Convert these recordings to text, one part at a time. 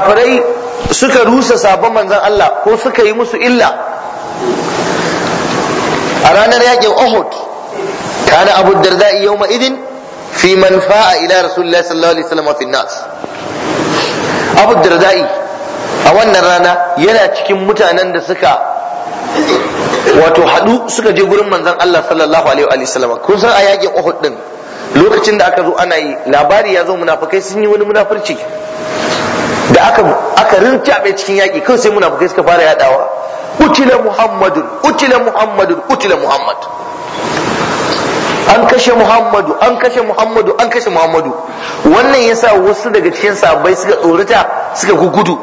kafirai suka rusa sabon manzan Allah ko suka yi musu illa a ranar yakin Uhud kana Abu Darda yawma idin fi man fa'a ila Rasulullah sallallahu alaihi wasallam fi nas Abu Darda a wannan rana yana cikin mutanen da suka wato hadu suka je gurin manzan Allah sallallahu alaihi wa kun san a yakin Uhud din lokacin da aka zo ana yi labari ya zo munafikai sun yi wani munafurci da aka aka rintabe cikin yaƙi kan sai munafukai suka fara yadawa utila muhammadun utila muhammadun utila muhammad an kashe muhammadu an kashe muhammadu an kashe muhammadu wannan yasa wasu daga cikin sahabbai suka tsorata suka gugudu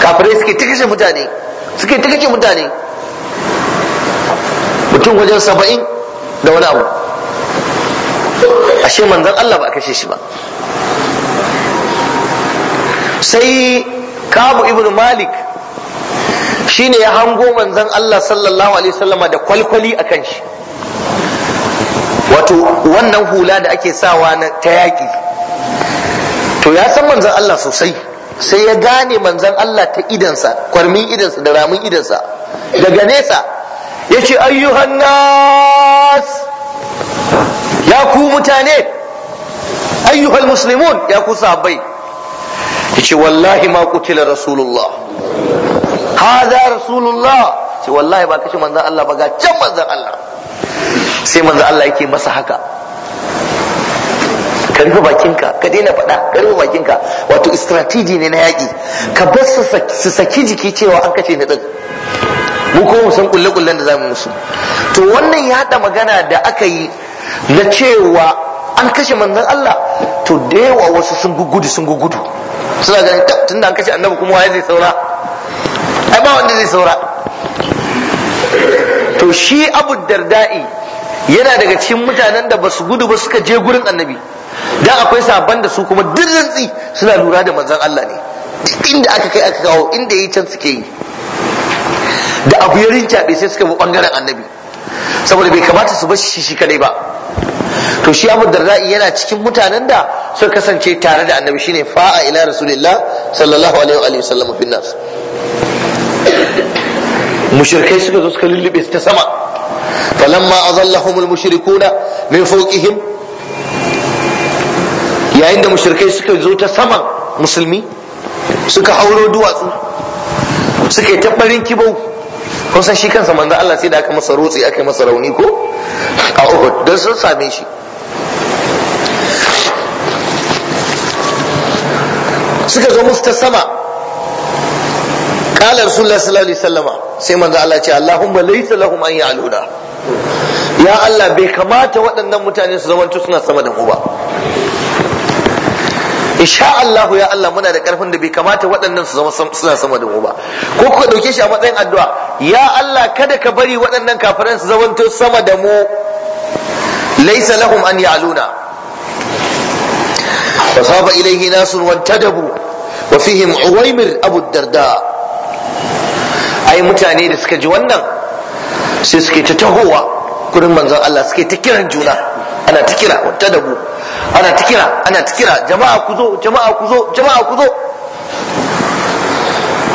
kafirai suke ta kashe mutane suke ta kashe mutane mutum wajen saba'in da wani abu ashe manzon Allah ba a kashe shi ba sai kabu ibn malik shine ya hango manzon Allah sallallahu alaihi wasallama da kwalkwali akan shi wato wannan hula da ake sawa na ta yaƙi to ya san manzon Allah sosai sai ya gane manzon Allah ta idansa kwarmin idansa da ramin idansa daga nesa ya ce ayyuhan nas ya ku mutane ayyuhal muslimun ya ku sabai ce wallahi ma kutila rasulullah haza rasulullah ce wallahi ba kace manzon Allah ba ga can manzon Allah sai manzon Allah yake masa haka ka rufe bakinka ka daina faɗa ka rufe bakinka wato strategy ne na yaƙi ka bar su saki jiki cewa an kace ni din mu ko mu san kulle kullen da zamu musu to wannan ya haɗa magana da aka yi na cewa an kashe manzon Allah to da yawa wasu sun gugudu sun gugudu suna ganin ta tunda an kashe annabi kuma waye zai saura ai ba wanda zai saura to shi abu dardai yana daga cikin mutanen da basu gudu ba suka je gurin annabi dan akwai saban da su kuma duk rantsi suna lura da manzon Allah ne inda aka kai aka kawo inda yi can suke yi da abu ya rincaɓe sai suka bi bangaren annabi saboda bai kamata su bar shi shi kadai ba to shi abu ra'ayi yana cikin mutanen da suka kasance tare da annabi shine fa'a ila rasulillah sallallahu alaihi wa sallam fi nas mushrikai suka zo suka lullube ta sama falamma azallahum almushrikuna min fawqihim yayin da mushrikai suka zo ta saman musulmi suka hauro duwatsu suka yi tabbarin kibau kun san shi kansa manzo Allah sai da aka masa rotsi aka masa rauni ko a uhud don sun same shi suka zo musu ta sama kala rasulullah sallallahu alaihi wasallama sai manzo Allah ce Allahumma laysa lahum an ya'luna ya Allah bai kamata waɗannan mutane su zama suna sama da mu ba insha Allah ya Allah muna da karfin da bai kamata waɗannan su zama suna sama da mu ba ko ku dauke shi a matsayin addu'a ya Allah kada ka bari waɗannan kafiran su zama sama da mu laysa lahum an ya'luna wa saba ilayhi nasun wantadabu wa fihim uwaymir abu darda ai mutane da suka ji wannan sai suke ta tahowa gurin manzon Allah suke ta kiran juna ana ta kira wantadabu ana ta kira ana ta jama'a jama'a jama'a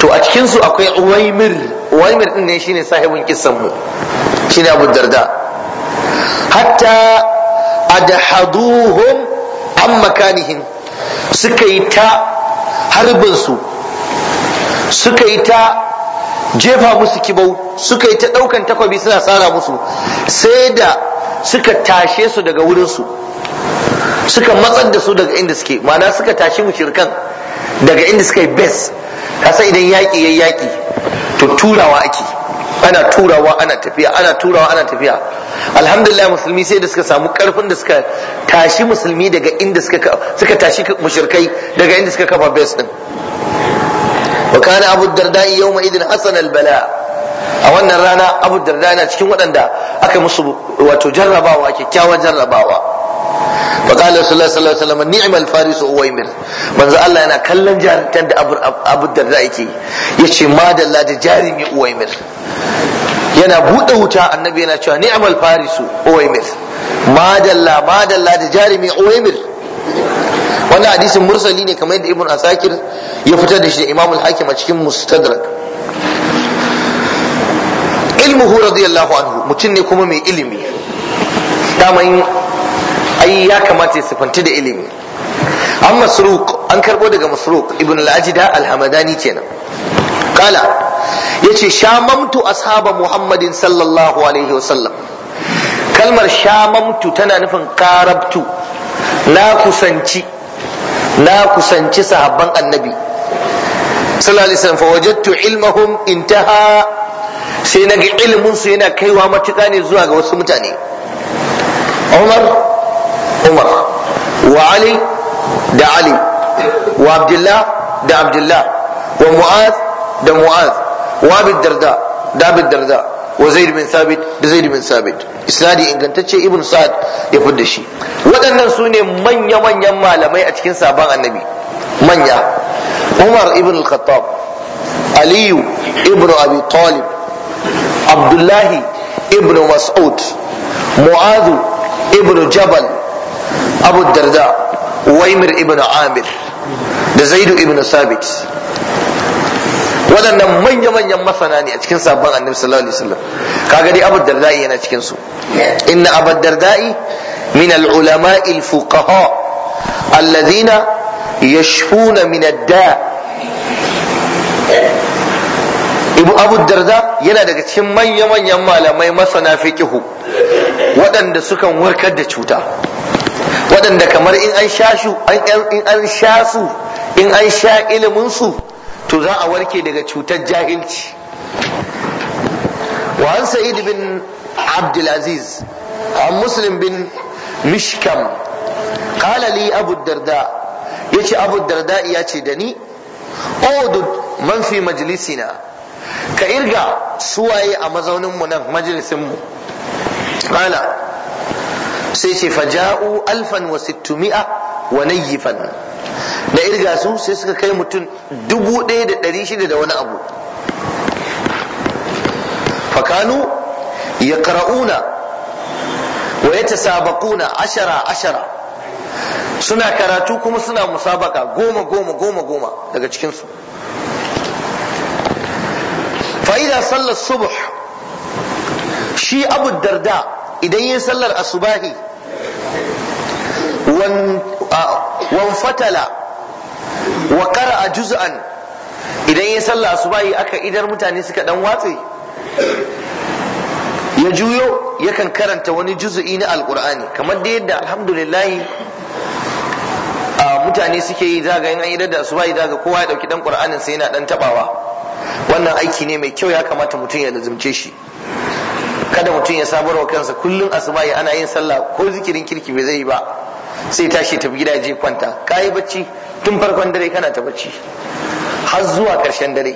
to a cikinsu akwai uwaimir uwaimir din ne shine sahibin kisan mu shine abu darda hatta adhaduhum an makanihim suka yi ta harbinsu suka yi ta jefa musu kibau suka yi ta ɗaukan takwabi suna tsara musu sai da suka tashe su daga wurinsu suka matsar da su daga inda suke ma'ana suka tashi mushrikan daga inda suka yi bes kasa idan yaƙi ya yaki, to turawa ake ana turawa ana tafiya ana turawa ana tafiya alhamdulillah musulmi sai da suka samu karfin da suka tashi musulmi daga inda suka tashi mushrikai daga inda suka kafa base din wa kana abu darda yawma idin hasan al bala a wannan rana abu darda yana cikin waɗanda aka musu wato jarrabawa kyakkyawan jarrabawa fa qala sallallahu alaihi wasallam ni'mal farisu uwaymir manzo Allah yana kallon jarintan da Abu Darda Ya ce, madalla da jarimi uwaymir yana bude wuta annabi yana cewa ni'mal farisu uwaymir madalla madalla da jarimi uwaymir wannan hadisin mursali ne kamar yadda ibn asakir ya fitar da shi da imam al-hakim a cikin mustadrak ilmuhu radiyallahu anhu mutum ne kuma mai ilimi daman ayi ya kamata ya sifanti da ilimi an masruq an karbo daga masruq ibn al-ajda al-hamadani kenan kala yace shamamtu ashaba muhammadin sallallahu alaihi wasallam kalmar shamamtu tana nufin karabtu na kusanci na kusanci sahabban annabi sallallahu alaihi wasallam ilmahum intaha sai naga ilimin su yana kaiwa matuƙa ne zuwa ga wasu mutane Umar umar wa ali da ali wa abdullah da abdullah wa mu'az da mu'az wa abid darda da abid darda wa zaid bin sabit da zaid bin sabit isnadi ingantacce ibn sa'ad ya fidda shi waɗannan sune ne manya manyan malamai a cikin sabon annabi manya umar ibn al aliyu ibn abi talib abdullahi ibn mas'ud mu'adhu ibn jabal abu darda waimir ibn amir da zaidu ibn sabit waɗannan manya-manyan masana ne a cikin sabon annabi sallallahu alaihi wasallam kaga dai abu darda'i yana cikin su inna abu darda'i min al-ulama al-fuqaha alladhina yashfuna min ad-da ibu abu darda yana daga cikin manya-manyan malamai masana fiqhu waɗanda sukan warkar da cuta waɗanda kamar in an sha su in an sha su in an sha ilimin su to za a warke daga cutar jahilci wa an sa'id bin abdul aziz an muslim bin mishkam qala li abu darda yace abu darda ya ce da ni udud man fi majlisina ka irga suwaye a mazauninmu nan majalisinmu kala sai ce faja'u alfan wa sittumi'a wa nayyifan da irga su sai suka kai mutum dubu ɗaya da ɗari shida da wani abu fakanu ya ƙara'una wa ya ashara ashara suna karatu kuma suna musabaka goma goma goma goma daga cikinsu fa'ida sallar subuh shi abu darda idan yin sallar asubahi Wan fatala wa a juz'an idan ya sallah asubahi aka idar mutane suka dan watse ya juyo yakan karanta wani juzu'i na alkur'ani kamar da yadda alhamdulillahi mutane suke yi zaga in an idar da asubahi zaga kowa ya dauki dan qur'anin sai yana dan tabawa wannan aiki ne mai kyau ya kamata mutum ya lazumce shi kada mutum ya sabarwa kansa kullum asubahi ana yin sallah ko zikirin kirki bai zai yi ba sai tashi tafi gida je kwanta ka bacci tun farkon dare kana ta bacci har zuwa ƙarshen dare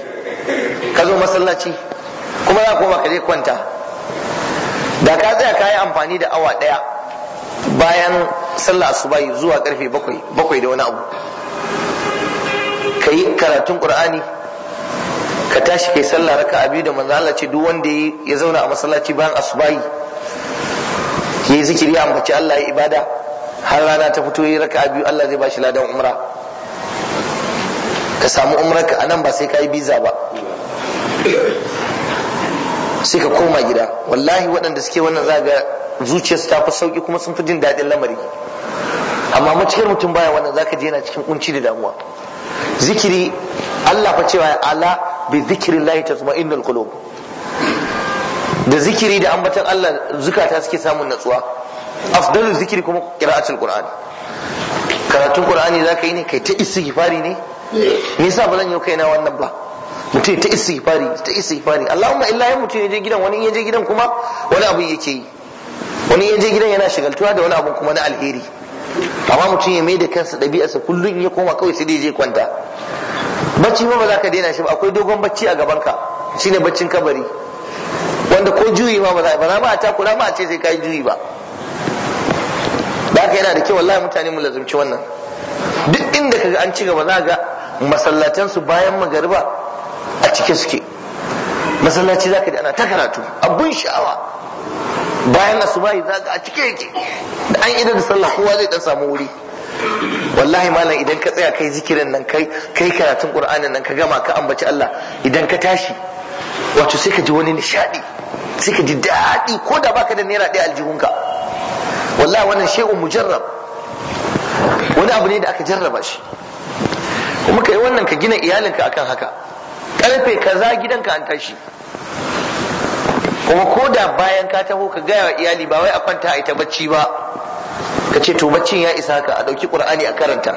ka zo masallaci kuma za koma ka je kwanta da ka tsaya ka yi amfani da awa daya bayan sallah asubahi zuwa karfe bakwai bakwai da wani abu ka yi karatun ƙur'ani ka tashi kai sallah raka abi da manzo Allah ce duk wanda ya zauna a masallaci bayan asubahi ya yi zikiri ambaci Allah ya ibada har rana ta fito yi raka biyu Allah zai bashi ladan umra ka samu umrar a nan ba sai ka yi biza ba sai ka koma gida wallahi waɗanda suke wannan za ga zuciyarsu ta fi sauki kuma sun fi jin daɗin lamari amma macikar mutum baya wannan zaka je yana cikin kunci da damuwa zikiri Allah fa cewa ala bi zikrillahi tatma'innul qulub da zikiri da ambatan Allah zukata suke samun natsuwa afdalu zikiri kuma qira'atul qur'ani karatun qur'ani zaka yi ne kai ta istighfari ne me yasa ba zan yi kaina wannan ba mutum ta istighfari ta istighfari Allahumma illa ya mutum je gidan wani je gidan kuma wani abu yake yi wani je gidan yana shigaltuwa da wani abu kuma na alheri amma mutum ya mai da kansa ɗabi'arsa kullum ya koma kawai sai dai je kwanta bacci ba za ka daina shi ba akwai dogon bacci a gabanka shine baccin kabari wanda ko juyi ma ba za ba a takura ma a ce sai ka yi juyi ba haka yana da kyau wallahi mutane mu lazumci wannan duk inda kaga an ci gaba za ga masallatan su bayan magariba a cike suke masallaci zaka ji ana ta karatu abun sha'awa bayan asubahi za ga a cike yake da an idan da sallah kowa zai dan samu wuri wallahi malam idan ka tsaya kai zikirin nan kai kai karatun qur'anin nan ka gama ka ambaci Allah idan ka tashi wato sai ka ji wani nishadi sai ka ji daɗi ko da baka da naira ɗaya aljihunka wallahi wannan shay'un mujarrab wani abu ne da aka jarraba shi kuma kai wannan ka gina iyalinka akan haka karfe kaza gidanka an tashi kuma ko da bayan ka taho ka gaya wa iyali ba wai a kwanta a ita bacci ba ka ce to baccin ya isa ka a ɗauki ƙur'ani a karanta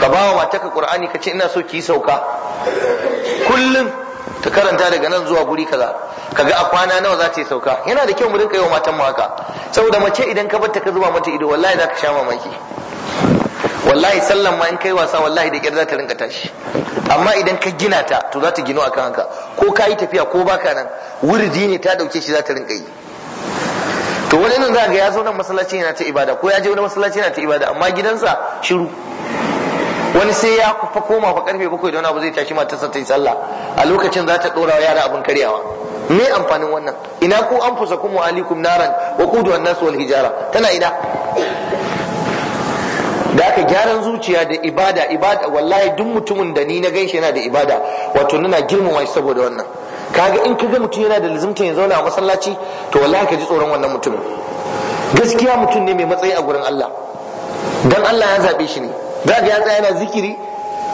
ka bawa wa matarka ƙur'ani ka ce ina so ki sauka kullum ta karanta daga nan zuwa guri kaza kaga a kwana nawa za ta yi sauka yana da kyau mu rinka yi wa matan mu haka saboda mace idan ka bar ta ka zuba mata ido wallahi za ka sha mamaki wallahi sallan ma in kai wasa wallahi da kyar za ta rinka tashi amma idan ka gina ta to za ta gino akan haka ko ka yi tafiya ko baka nan wurdi ne ta dauke shi za ta rinka yi to wani nan za ga ya zo nan masallaci yana ta ibada ko ya je wani masallaci yana ta ibada amma gidansa shiru wani sai ya kufa koma fa karfe bakwai da wani abu zai tashi matarsa ta yi sallah a lokacin za ta dora yara abin karyawa me amfanin wannan ina ku an fusa kuma alikum naran wa kudu an nasu hijara tana ina da aka gyaran zuciya da ibada ibada wallahi duk mutumin da ni na ganshi yana da ibada wato nuna girmama shi saboda wannan kaga in kaga mutum yana da lazimta ya zauna a masallaci to wallahi ka ji tsoron wannan mutumin gaskiya mutum ne mai matsayi a gurin Allah dan Allah ya zabe shi ne za ga ya tsaya yana zikiri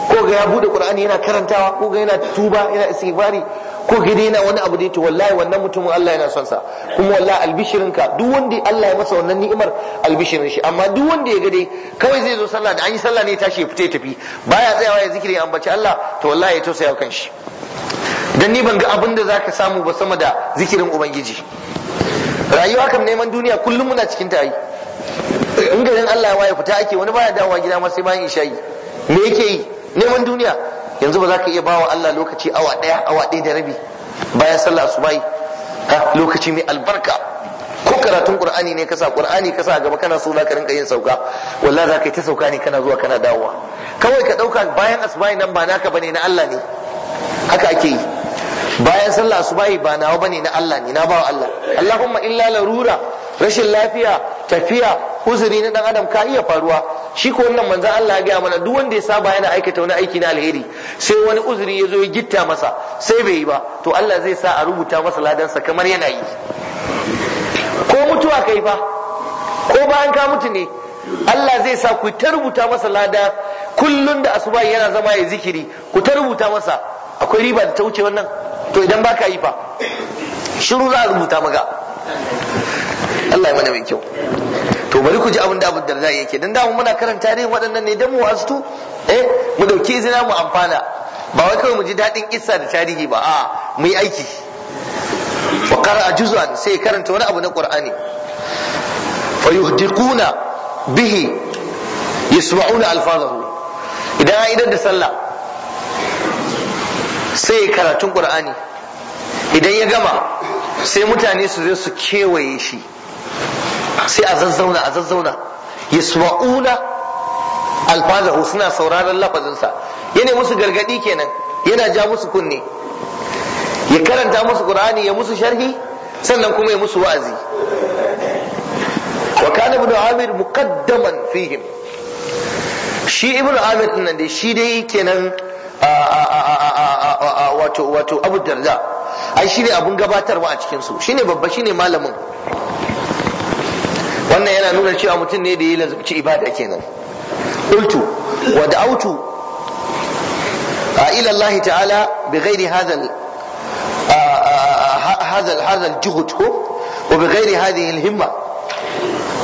ko ga ya bude qur'ani yana karantawa ko ga yana tuba yana istighfari ko ga yana wani abu da to wallahi wannan mutumin Allah yana son sa kuma wallahi albishirinka duk wanda Allah ya masa wannan ni'imar albishirin shi amma duk wanda ya gade kawai zai zo sallah da an yi sallah ne tashi ya fita tafi baya tsayawa ya zikiri ambaci Allah to wallahi ya tausaya kan shi dan ni ban ga abin da zaka samu ba sama da zikirin ubangiji rayuwa kam neman duniya kullum muna cikin ta yi in garin Allah ya waye fita ake wani baya dawowa gida ma sai bayan isha'i me yake yi neman duniya yanzu ba za ka iya bawa Allah lokaci awa ɗaya awa ɗaya da rabi bayan sallah asubahi ha lokaci mai albarka ko karatun qur'ani ne kasa qur'ani kasa a gaba kana so zaka ka rinka yin sauka wallahi za ka yi ta sauka ne kana zuwa kana dawowa kawai ka ɗauka bayan asubahi nan ba naka bane na Allah ne haka ake yi bayan sallah bayi ba nawa bane na Allah ne na bawa Allah Allahumma illa larura rashin lafiya tafiya uzuri na dan adam ka iya faruwa shi ko wannan manzon Allah ya ga mana duk wanda ya saba yana aikata wani aiki na alheri sai wani uzuri ya zo ya gitta masa sai bai yi ba to Allah zai sa a rubuta masa sa kamar yana yi ko mutuwa kai fa ko bayan ka mutu ne Allah zai sa ku ta rubuta masa lada kullun da asuba yana zama ya zikiri ku ta rubuta masa akwai riba da ta wuce wannan to idan baka yi fa shiru za a rubuta maka Allah ya mana mai kyau to bari ku ji abin da abin darda yake dan mu muna karanta tarihin waɗannan ne dan mu wasu eh mu ɗauki zina mu amfana ba wai kawai mu ji daɗin kissa da tarihi ba a mu yi aiki wa qara'a juz'an sai karanta wani abu na qur'ani fa yuhdiquna bihi yasma'una alfazahu idan an idar da sallah sai karatun qur'ani idan ya gama sai mutane su zo su kewaye shi sai a zazzauna a zazzauna yasma'una alfazahu suna sauraron lafazinsa yana musu gargadi kenan yana ja musu kunne ya karanta musu qur'ani ya musu sharhi sannan kuma ya musu wa'azi wa kana ibn amir muqaddaman fihim shi ibn amir nan dai shi dai kenan wato wato abu darda ai shi ne abun gabatarwa a cikin su shine babba shine malamin wannan yana nuna cewa mutum ne da ya lazumci ibada kenan qultu wa da'awtu ila Allah ta'ala bi ghairi hadha هذا هذا الجهد وبغير هذه الهمة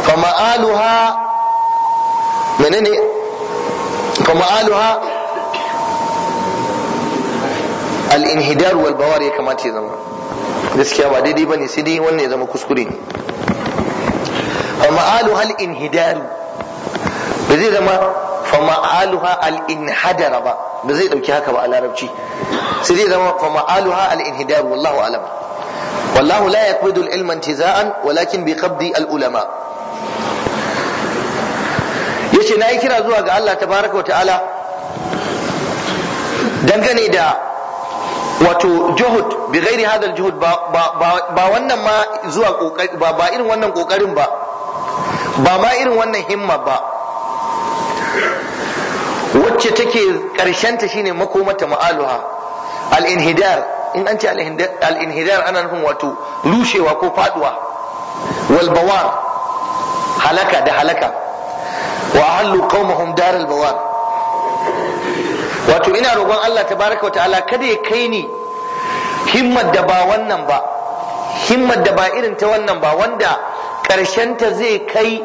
فمآلها من فمآلها الانهدار والبواري كما تزمى gaskiya ba daidai bane sai dai wannan ya zama kuskure fama'alu hal inhidaru ba zai zama fama'aluha al-inhadara ba ba zai dauki haka ba a larabci sai zai zama fama'aluha al-inhidar wallahu alam wallahu la yaqbidu al walakin ulama yace yi kira zuwa ga Allah baraka wa ta'ala dangane da wato juhud bi ghairi hadha juhud ba ba wannan ma zuwa ba irin wannan kokarin ba ba ma irin wannan himma ba wacce take karshenta shine makomata ma'aluha al-inhidar in an ce al-inhidar ana nufin wato rushewa ko faduwa Walbawar. halaka da halaka wa ahallu qaumahum dar al bawar wato ina roƙon Allah tabaraka wa ta'ala kada ya kai ni himmar da ba wannan ba himmar da ba irin ta wannan ba wanda ta zai kai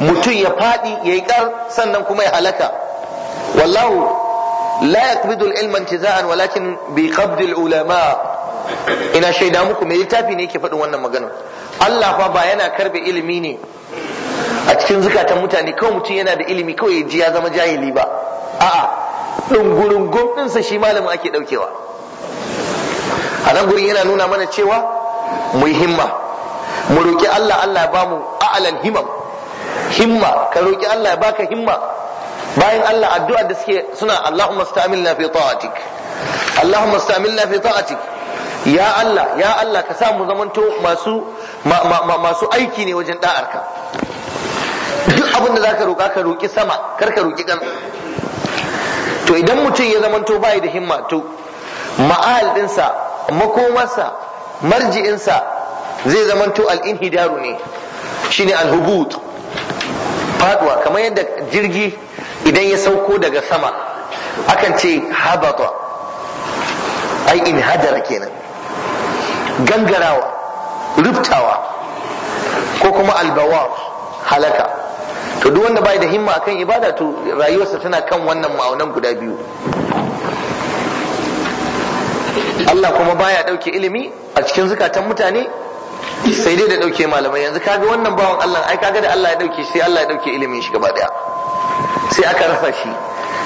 mutum ya faɗi ya yi sannan kuma ya halaka wallahu la yaqbidu al-ilma intiza'an walakin bi al-ulama ina shaida muku mai littafi ne yake faɗin wannan magana Allah fa ba yana karbe ilimi ne a cikin zukatan mutane kawai mutum yana da ilimi kawai ji ya zama jahili ba a'a dungurun gumdinsa shi malamin ake ɗaukewa. a nan gurin yana nuna mana cewa muhimma himma mu roki Allah Allah ya bamu a'lan himam himma ka roki Allah ya baka himma bayan Allah addu'a da suke suna Allahumma sta'milna fi ta'atik Allahumma sta'milna fi ta'atik ya Allah ya Allah ka sa mu zamanto masu masu aiki ne wajen da'arka duk abin da zaka roka ka roki sama kar ka roki kan to idan mutum ya zamanto bai da himma to ma'al dinsa makomarsa marji'insa zai zamanto al-inhidaru ne shine al-hubut faduwa kamar yadda jirgi idan ya sauko daga sama akan ce habata ai in hadara kenan gangarawa rubtawa ko kuma albawar halaka to duk wanda bai da himma akan ibada to rayuwarsa tana kan wannan ma'aunan guda biyu Allah kuma baya dauke ilimi a cikin zukatan mutane sai dai da dauke malamai yanzu kaga wannan bawan Allah ai kaga da Allah ya dauke sai Allah ya dauke ilimin shi gaba daya sai aka rasa shi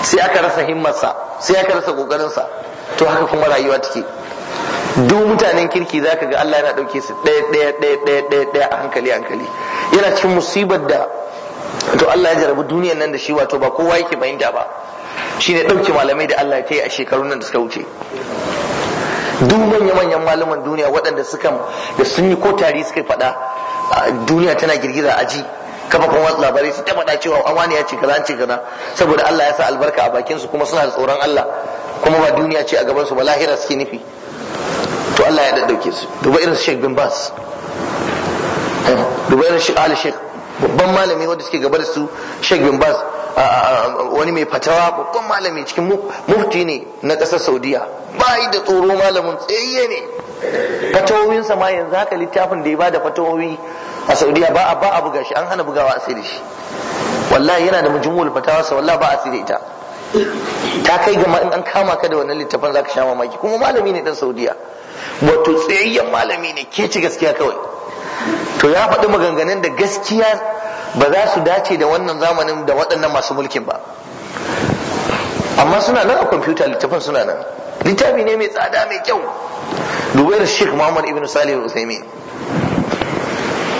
sai aka rasa himmarsa sai aka rasa sa to haka kuma rayuwa take duk mutanen kirki zaka ga Allah yana dauke su ɗaya ɗaya ɗaya ɗaya ɗaya daya a hankali hankali yana cikin musibar da to Allah ya jarabi duniyar nan da shi wato ba kowa yake fahimta ba shine dauke malamai da Allah ya yi a shekarun nan da suka wuce duk manya-manyan malaman duniya waɗanda suka da sun yi ko tari suka faɗa duniya tana girgiza aji kan wasu labarai su ta cewa cewa wani ya ce kaza an ce kaza saboda Allah ya sa albarka a bakin su kuma suna da tsoron Allah kuma ba duniya ce a gaban su ba lahira suke nufi to Allah ya daddauke su duba irin Sheikh bin Bas duba irin Sheikh Ali Sheikh babban malami wanda suke gaba da su Sheikh bin Baz wani mai fatawa babban malami cikin mufti ne na ƙasar Saudiya bai da tsoro malamin tsayayye ne fatawoyinsa ma yanzu haka littafin da ya bada fatawoyi a Saudiya ba a ba buga shi an hana bugawa a sai shi wallahi yana da mujumul fatawa sa wallahi ba a sai ita ta kai ga in an kama ka da wannan littafin zaka sha mamaki kuma malami ne dan Saudiya wato tsayayyen malami ne ke ci gaskiya kawai to ya faɗi maganganun da gaskiya ba za su dace da wannan zamanin da waɗannan masu mulkin ba amma suna nan a kwamfuta littafin suna nan littafi ne mai tsada mai kyau dubai da shek muhammad ibn salih usaimi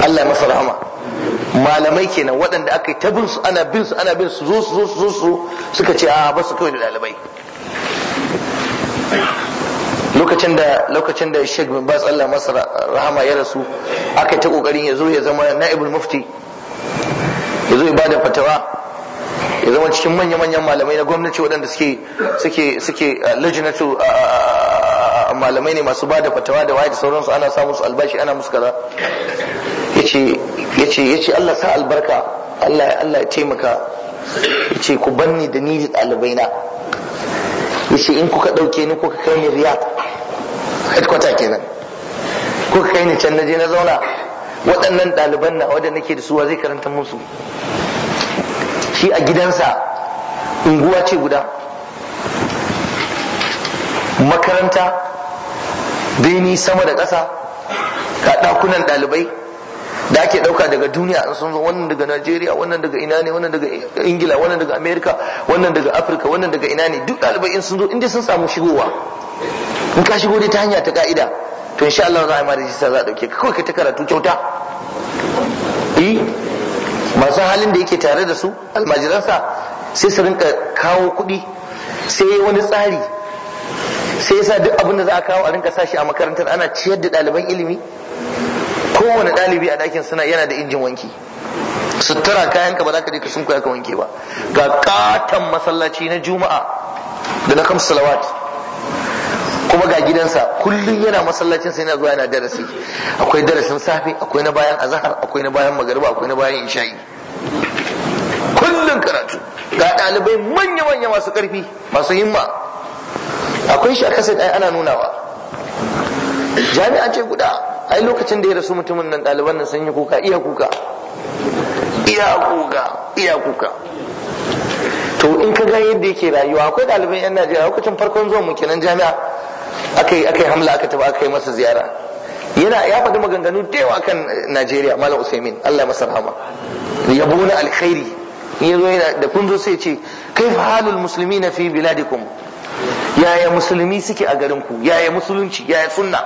allah masa rahama malamai kenan waɗanda aka yi ta bin su ana bin su ana bin su zo su zo su suka ce a ba su kawai da ɗalibai lokacin da lokacin da Sheikh bin Baz Allah masa rahama ya rasu aka ta kokarin ya zo ya zama na'ibul mufti ya zo ya bada fatawa ya zama cikin manya-manyan malamai na gwamnati waɗanda suke suke suke lajinatu malamai ne masu bada fatawa da wayar da sauransu ana samun su albashi ana musu kaza yace yace yace Allah sa albarka Allah Allah ya taimaka yace ku banni da ni da ɗalibaina yace in kuka ɗauke ni kuka kai ni riyad headquarter kenan ko kai ni can na je na zauna waɗannan ɗaliban na wadda nake da suwa zai karanta musu shi a gidansa unguwa ce guda makaranta beni sama da ƙasa ga ɗakunan ɗalibai da ake ɗauka daga duniya an sun zo wannan daga najeriya wannan daga ina ne wannan daga ingila wannan daga amerika wannan daga afirka wannan daga ina ne duk ɗalibai in sun zo inda sun samu shigowa in ka shigo dai ta hanya ta ka'ida to insha Allah za a ma rijista za a dauke ka kawai ka ta karatu kyauta eh masu halin da yake tare da su almajiransa sai su rinka kawo kuɗi sai wani tsari sai yasa duk abin da za a kawo a rinka sashi a makarantar ana ciyar da ɗaliban ilimi kowane ɗalibi a ɗakin suna yana da injin wanki sutura kayan ka ba za ka je ka sunkuya ka wanke ba ga katon masallaci na juma'a da na kamsu salawat kuma ga gidansa kullum yana masallacin sai yana zuwa yana darasi akwai darasin safe akwai na bayan azhar akwai na bayan magariba akwai na bayan isha'i kullum karatu ga ɗalibai manya manya masu karfi masu himma akwai shi a kasa ana nunawa jami'a ce guda ai lokacin da ya rasu mutumin nan ɗaliban nan sun yi kuka iya kuka iya kuka iya kuka to in ka ga yadda yake rayuwa akwai ɗaliban yan najeriya lokacin farkon zuwan mu kenan jami'a aka hamla aka tafi aka yi masa ziyara yana ya faɗi maganganu da yawa kan Najeriya Malam Usaimin Allah masa rahama yabo na alkhairi ya zo yana da kun zo sai ce kai halul muslimina fi biladikum yaya musulmi suke a garin ku yaya musulunci yaya sunna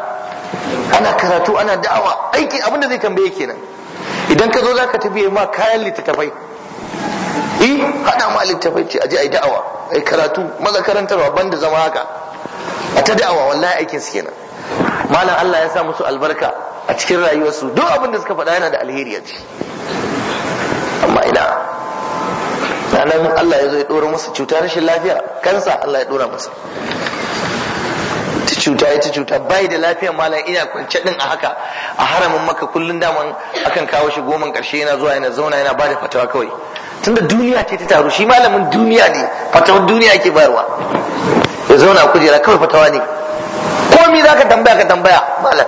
ana karatu ana da'awa aiki abinda zai tambaye kenan idan ka zo zaka tafi ma kayan littattafai eh hada ma littattafai ce aje ai da'awa ai karatu maza karantarwa banda zama haka a ta da'awa wallahi aikin su kenan malam Allah ya sa musu albarka a cikin rayuwarsu duk abin da suka faɗa yana da alheri a ci, amma ina ranar Allah ya zo ya ɗora musu cuta rashin lafiya kansa Allah ya ɗora masa ta cuta ya ta cuta bai da lafiya malam ina kwance din a haka a haramin maka kullun daman akan kawo shi goman karshe yana zuwa yana zauna yana bada fatawa kawai tunda duniya ce ta taru shi malamin duniya ne fatawar duniya ake bayarwa ya zauna kujera kawai fatawa ne komi za ka tambaya ka tambaya malam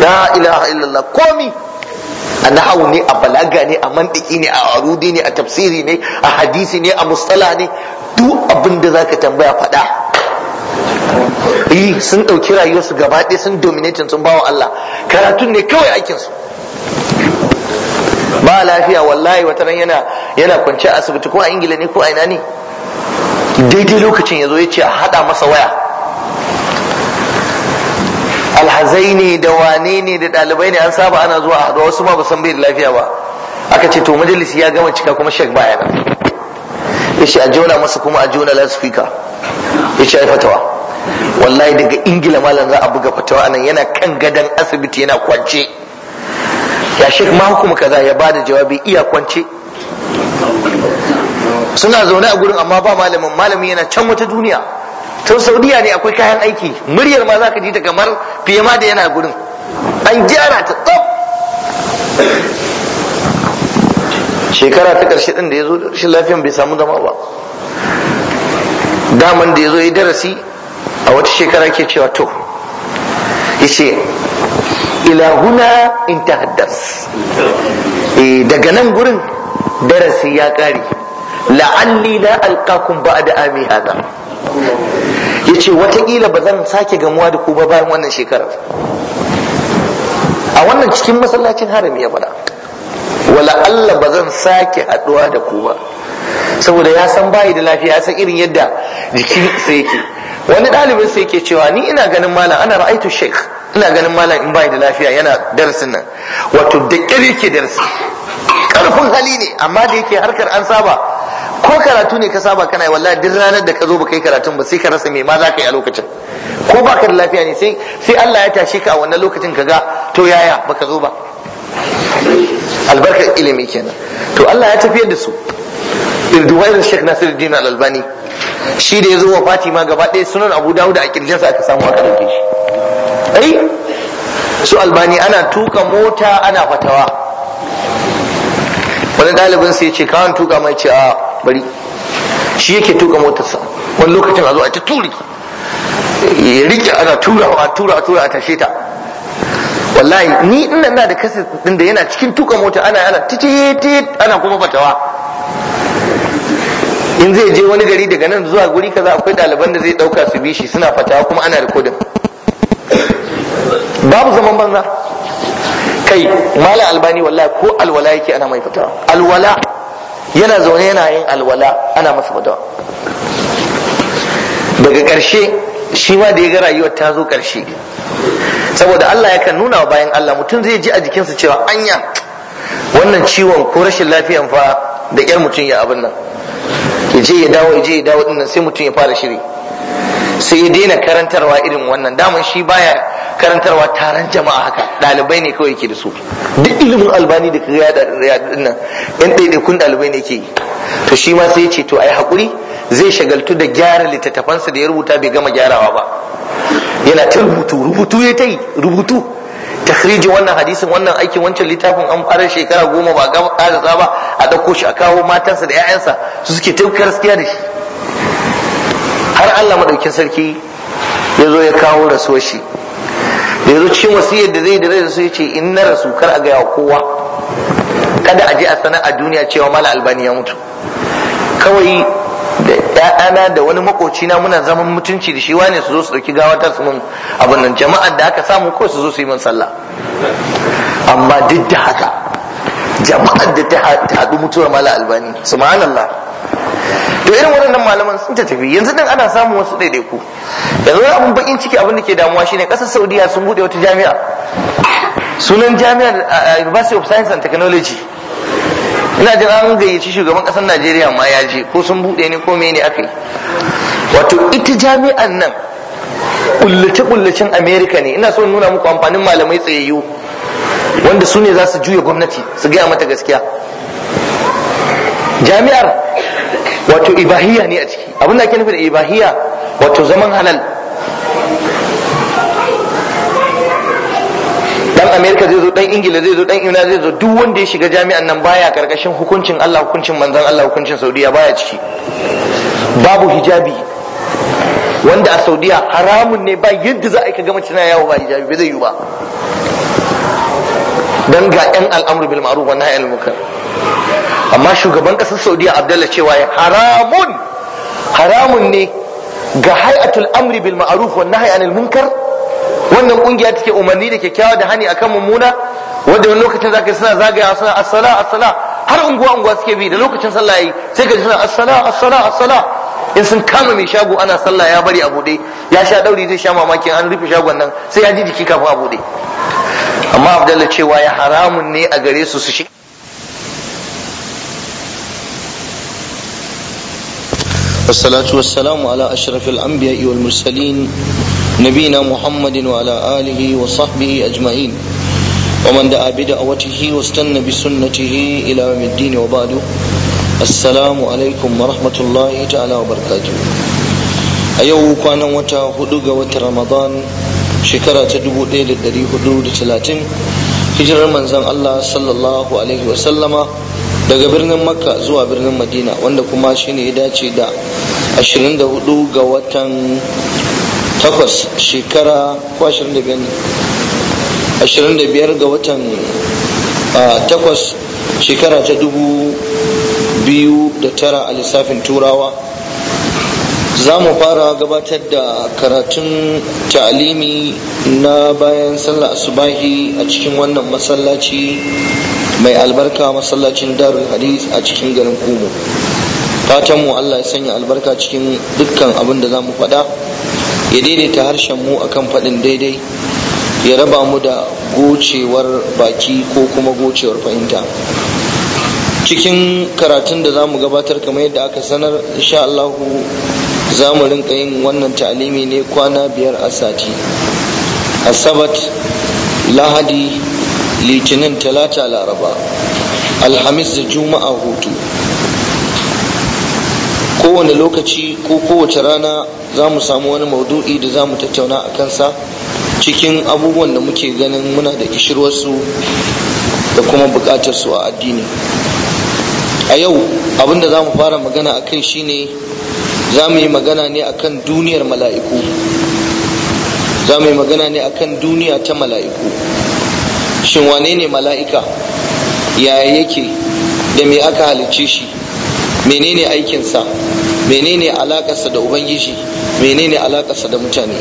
la ilaha illallah komi a nahawu ne a balaga ne a mantiki ne a arudi ne a tafsiri ne a hadisi ne a mustala ne duk abin da za ka tambaya faɗa yi sun ɗauki rayuwarsu gaba ɗaya sun dominatin sun bawa Allah karatun ne kawai aikinsu ba lafiya wallahi wata ran yana yana kwance a asibiti ko a ingila ne ko a ina ne daidai lokacin ya zo ya ce a haɗa masa waya alhazai ne da wane ne da ɗalibai ne an saba ana zuwa a haɗuwa wasu ma ba san bai da lafiya ba aka ce to majalisi ya gama cika kuma shek baya na. ya ce a jona masa kuma a jona lasfika ya ce a fatawa wallahi daga ingila malam za a buga fatawa nan yana kan gadon asibiti yana kwance ya shek ma hukuma kaza ya ba da jawabi iya kwance suna zaune a gurin amma ba malamin malami yana can wata duniya to saudiya ne akwai kayan aiki muryar ma zaka ji ta kamar fiye ma da yana gurin an gyara ta tsof. shekara ta karshe din da ya zo shi lafiyan bai samu zama ba daman da ya zo ya darasi a wata shekara ke cewa to yace ila huna in tahaddas eh, daga nan gurin darasi ya kare la'alli la alqakum ba'da ami hada yace watakila ba zan sake gamuwa da ku ba bayan wannan shekarar a wannan cikin masallacin harami ya faɗa wala Allah ba zan sake haɗuwa da ku ba saboda ya san bayi da lafiya ya san irin yadda jikin sa yake wani ɗalibin sa yake cewa ni ina ganin malam ana ra'aitu sheikh ina ganin malam in bayi da lafiya yana darasin nan wato da yake darasi karfin hali ne amma da yake harkar an saba ko karatu ne ka saba kana yi wallahi duk ranar da ka zo baka yi karatun ba sai ka rasa me ma za ka yi a lokacin ko baka da lafiya ne sai sai Allah ya tashi ka a wannan lokacin ka ga to yaya baka zo ba albarkar ilimi kenan to Allah ya tafiyar da su irduwairin Sheikh Nasiruddin Al-Albani shi da ya zo wa Fatima gaba ɗaya sunan Abu Dawud a kirjinsa aka samu aka dauke shi ai su albani ana tuka mota ana fatawa wani ɗalibin sai ce kawai tuka mai ce a bari shi yake tuka motarsa wani lokacin a zo a ta turi ya rike ana turawa tura tura a tashe ta wallahi ni ina na da kasa din da yana cikin tuka mota ana ana titi ana kuma fatawa in zai je wani gari daga nan zuwa guri kaza akwai ɗaliban da zai ɗauka su bi shi suna fatawa kuma ana rikodin babu zaman banza kai mala albani wallahi ko alwala yake ana mai fatawa alwala yana zaune yana yin alwala ana masa fatawa daga karshe shi ma da ya ga rayuwar ta zo karshe saboda Allah yakan nuna wa bayan Allah mutum zai ji a jikinsa cewa anya wannan ciwon ko rashin lafiyan fa da ƙyar mutum ya abin nan ya je ya dawo ya je ya dawo dinnan sai mutum ya fara shiri sai ya daina karantarwa irin wannan daman shi baya karantarwa taron jama'a haka ɗalibai ne kawai ke da su duk ilimin albani da kaga ya nan yan ɗaiɗaikun ɗalibai ne ke yi to shi ma sai ya ce to ai hakuri zai shagaltu da gyara littattafansa da ya rubuta bai gama gyarawa ba yana ta rubutu rubutu ya ta yi rubutu takhrijin wannan hadisin wannan aikin wancan littafin an fara shekara goma ba gama karasa ba a ɗauko shi a kawo matansa da 'ya'yansa su suke taukar gaskiya da shi har Allah madaukin sarki ya zo ya kawo rasuwar shi da yazo cikin wasiyar da zai da zai sai ce in na rasu kar a gaya kowa kada a je a sana a duniya cewa mala albani ya mutu kawai da ƴaƴana da wani makocina muna zaman mutunci da shi wane su zo su dauki gawatar su mun abin nan jama'ar da aka samu ko su zo su yi mun sallah amma duk da haka jama'ar da ta haɗu mutuwar mala albani su ma'anallah to irin waɗannan malaman sun ta tafi yanzu din ana samun wasu ɗaiɗaiku yanzu abin bakin ciki abin da ke damuwa shine ƙasar saudiya sun buɗe wata jami'a sunan jami'ar university of science and technology ina jin an gayyaci shugaban ƙasar najeriya ma ya je ko sun buɗe ne ko ne aka yi wato ita jami'an nan ƙullace kullacen Amerika ne ina so nuna muku amfanin malamai tsayayyu wanda su ne za su juya gwamnati su gaya mata gaskiya jami'ar wato ibahiya ne a ciki abinda ake nufi da ibahiya wato zaman halal dan amerika zai zo dan ingila zai zo dan ina zai zo duk wanda ya shiga jami'an nan baya karkashin hukuncin allah hukuncin manzon allah hukuncin saudiya baya ciki babu hijabi wanda a saudiya haramun ne ba yadda za a yi ka gama tana yawo ba hijabi ba zai yi ba dan ga yan al'amur bil ma'ruf wa nahy anil amma shugaban kasar Saudiya abdalla cewa ya haramun haramun ne ga hay'atul amri bil ma'ruf wa nahy anil munkar wannan kungiya take umarni da kyakkyawa da hani akan mummuna wanda wani lokacin zaka suna zagaya suna assala assala har unguwa unguwa suke bi da lokacin sallah yayi sai ka suna assala assala assala in sun kama mai shago ana sallah ya bari a bude ya sha dauri zai sha mamakin an rufe shagon nan sai ya ji jiki kafin a bude amma abdalla cewa ya haramun ne a gare su su shi wassalatu wassalamu ala ashrafil anbiya wal mursalin nabina muhammadin wa ala alihi wa sahbihi ajma'in wa man da'a bi da'awatihi wa stanna bi sunnatihi ila yawm ad-din wa ba'du assalamu alaikum wa rahmatullahi ta'ala wa a yau kwanan wata hudu ga watan ramadan shekara ta 1430 hijirar manzon Allah sallallahu alaihi wasallama daga birnin makka zuwa birnin madina wanda kuma shine ya dace da 24 ga watan 8 shekara ko 25 25 ga watan 8 shekara ta 2009 a lissafin turawa za mu fara gabatar da karatun ta'alimi na bayan sallah asubahi a cikin wannan masallaci mai albarka masallacin darul hadith a cikin garin kumo fatan mu Allah ya sanya albarka cikin dukkan abin da za mu faɗa ya daidaita harshen mu akan faɗin daidai ya raba mu da gocewar baki ko kuma gocewar fahimta cikin karatun da za mu gabatar kamar yadda aka sanar insha'allahu. za mu rinka yin wannan talimi ne kwana biyar a sati asabat lahadi litinin talata laraba alhamis da juma'a hutu kowane lokaci ko kowace rana za mu samu wani maudu'i da za mu tattauna a kansa cikin abubuwan da muke ganin muna da kishirwarsu da kuma bukatarsu a addini a yau abinda za mu fara magana a kai shine za mu yi magana ne a kan duniyar mala'iku za mu yi magana ne akan duniya ta mala'iku shin wane ne mala'ika yaya yake da me aka halicce shi menene aikinsa menene alakarsa da ubangiji menene alakarsa da mutane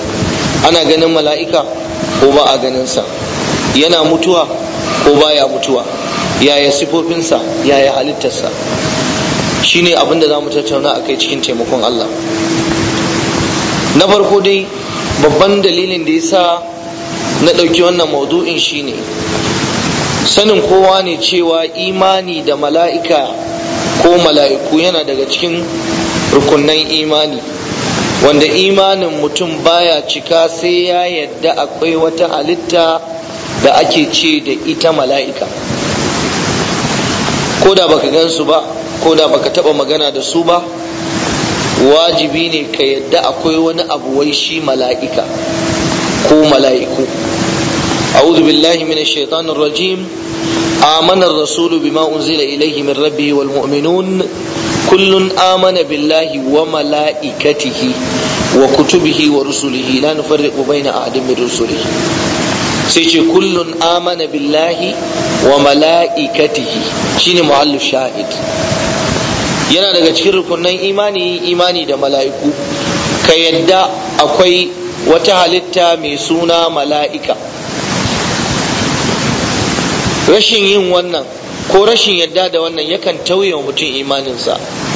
ana ganin mala'ika ko ba a ganinsa yana mutuwa ko baya mutuwa yaya sifofinsa yaya halittarsa shine abin da za mu tattauna a kai cikin taimakon Allah na farko dai babban dalilin da ya sa na ɗauki wannan maudu'in shine sanin kowa ne cewa imani da mala'ika ko mala'iku yana daga cikin rukunan imani wanda imanin mutum baya cika sai ya yadda akwai wata halitta da ake ce da ita mala'ika ko da baka su ba ko da baka taba magana da su ba wajibi ne ka yadda akwai wani abu wai shi mala'ika ko mala'iku a'udhu billahi minash shaitanir rajim آمن الرسول بما أنزل إليه من ربه والمؤمنون كل آمن بالله وملائكته وكتبه ورسله لا نفرق بين أحد من رسله sai ce kullun amana billahi wa mala'ikatihi shine muhallu shahid yana daga cikin rukunan imani imani da mala'iku ka yadda akwai wata halitta mai suna mala'ika rashin yin wannan ko rashin yadda da wannan yakan tauye wa mutum imaninsa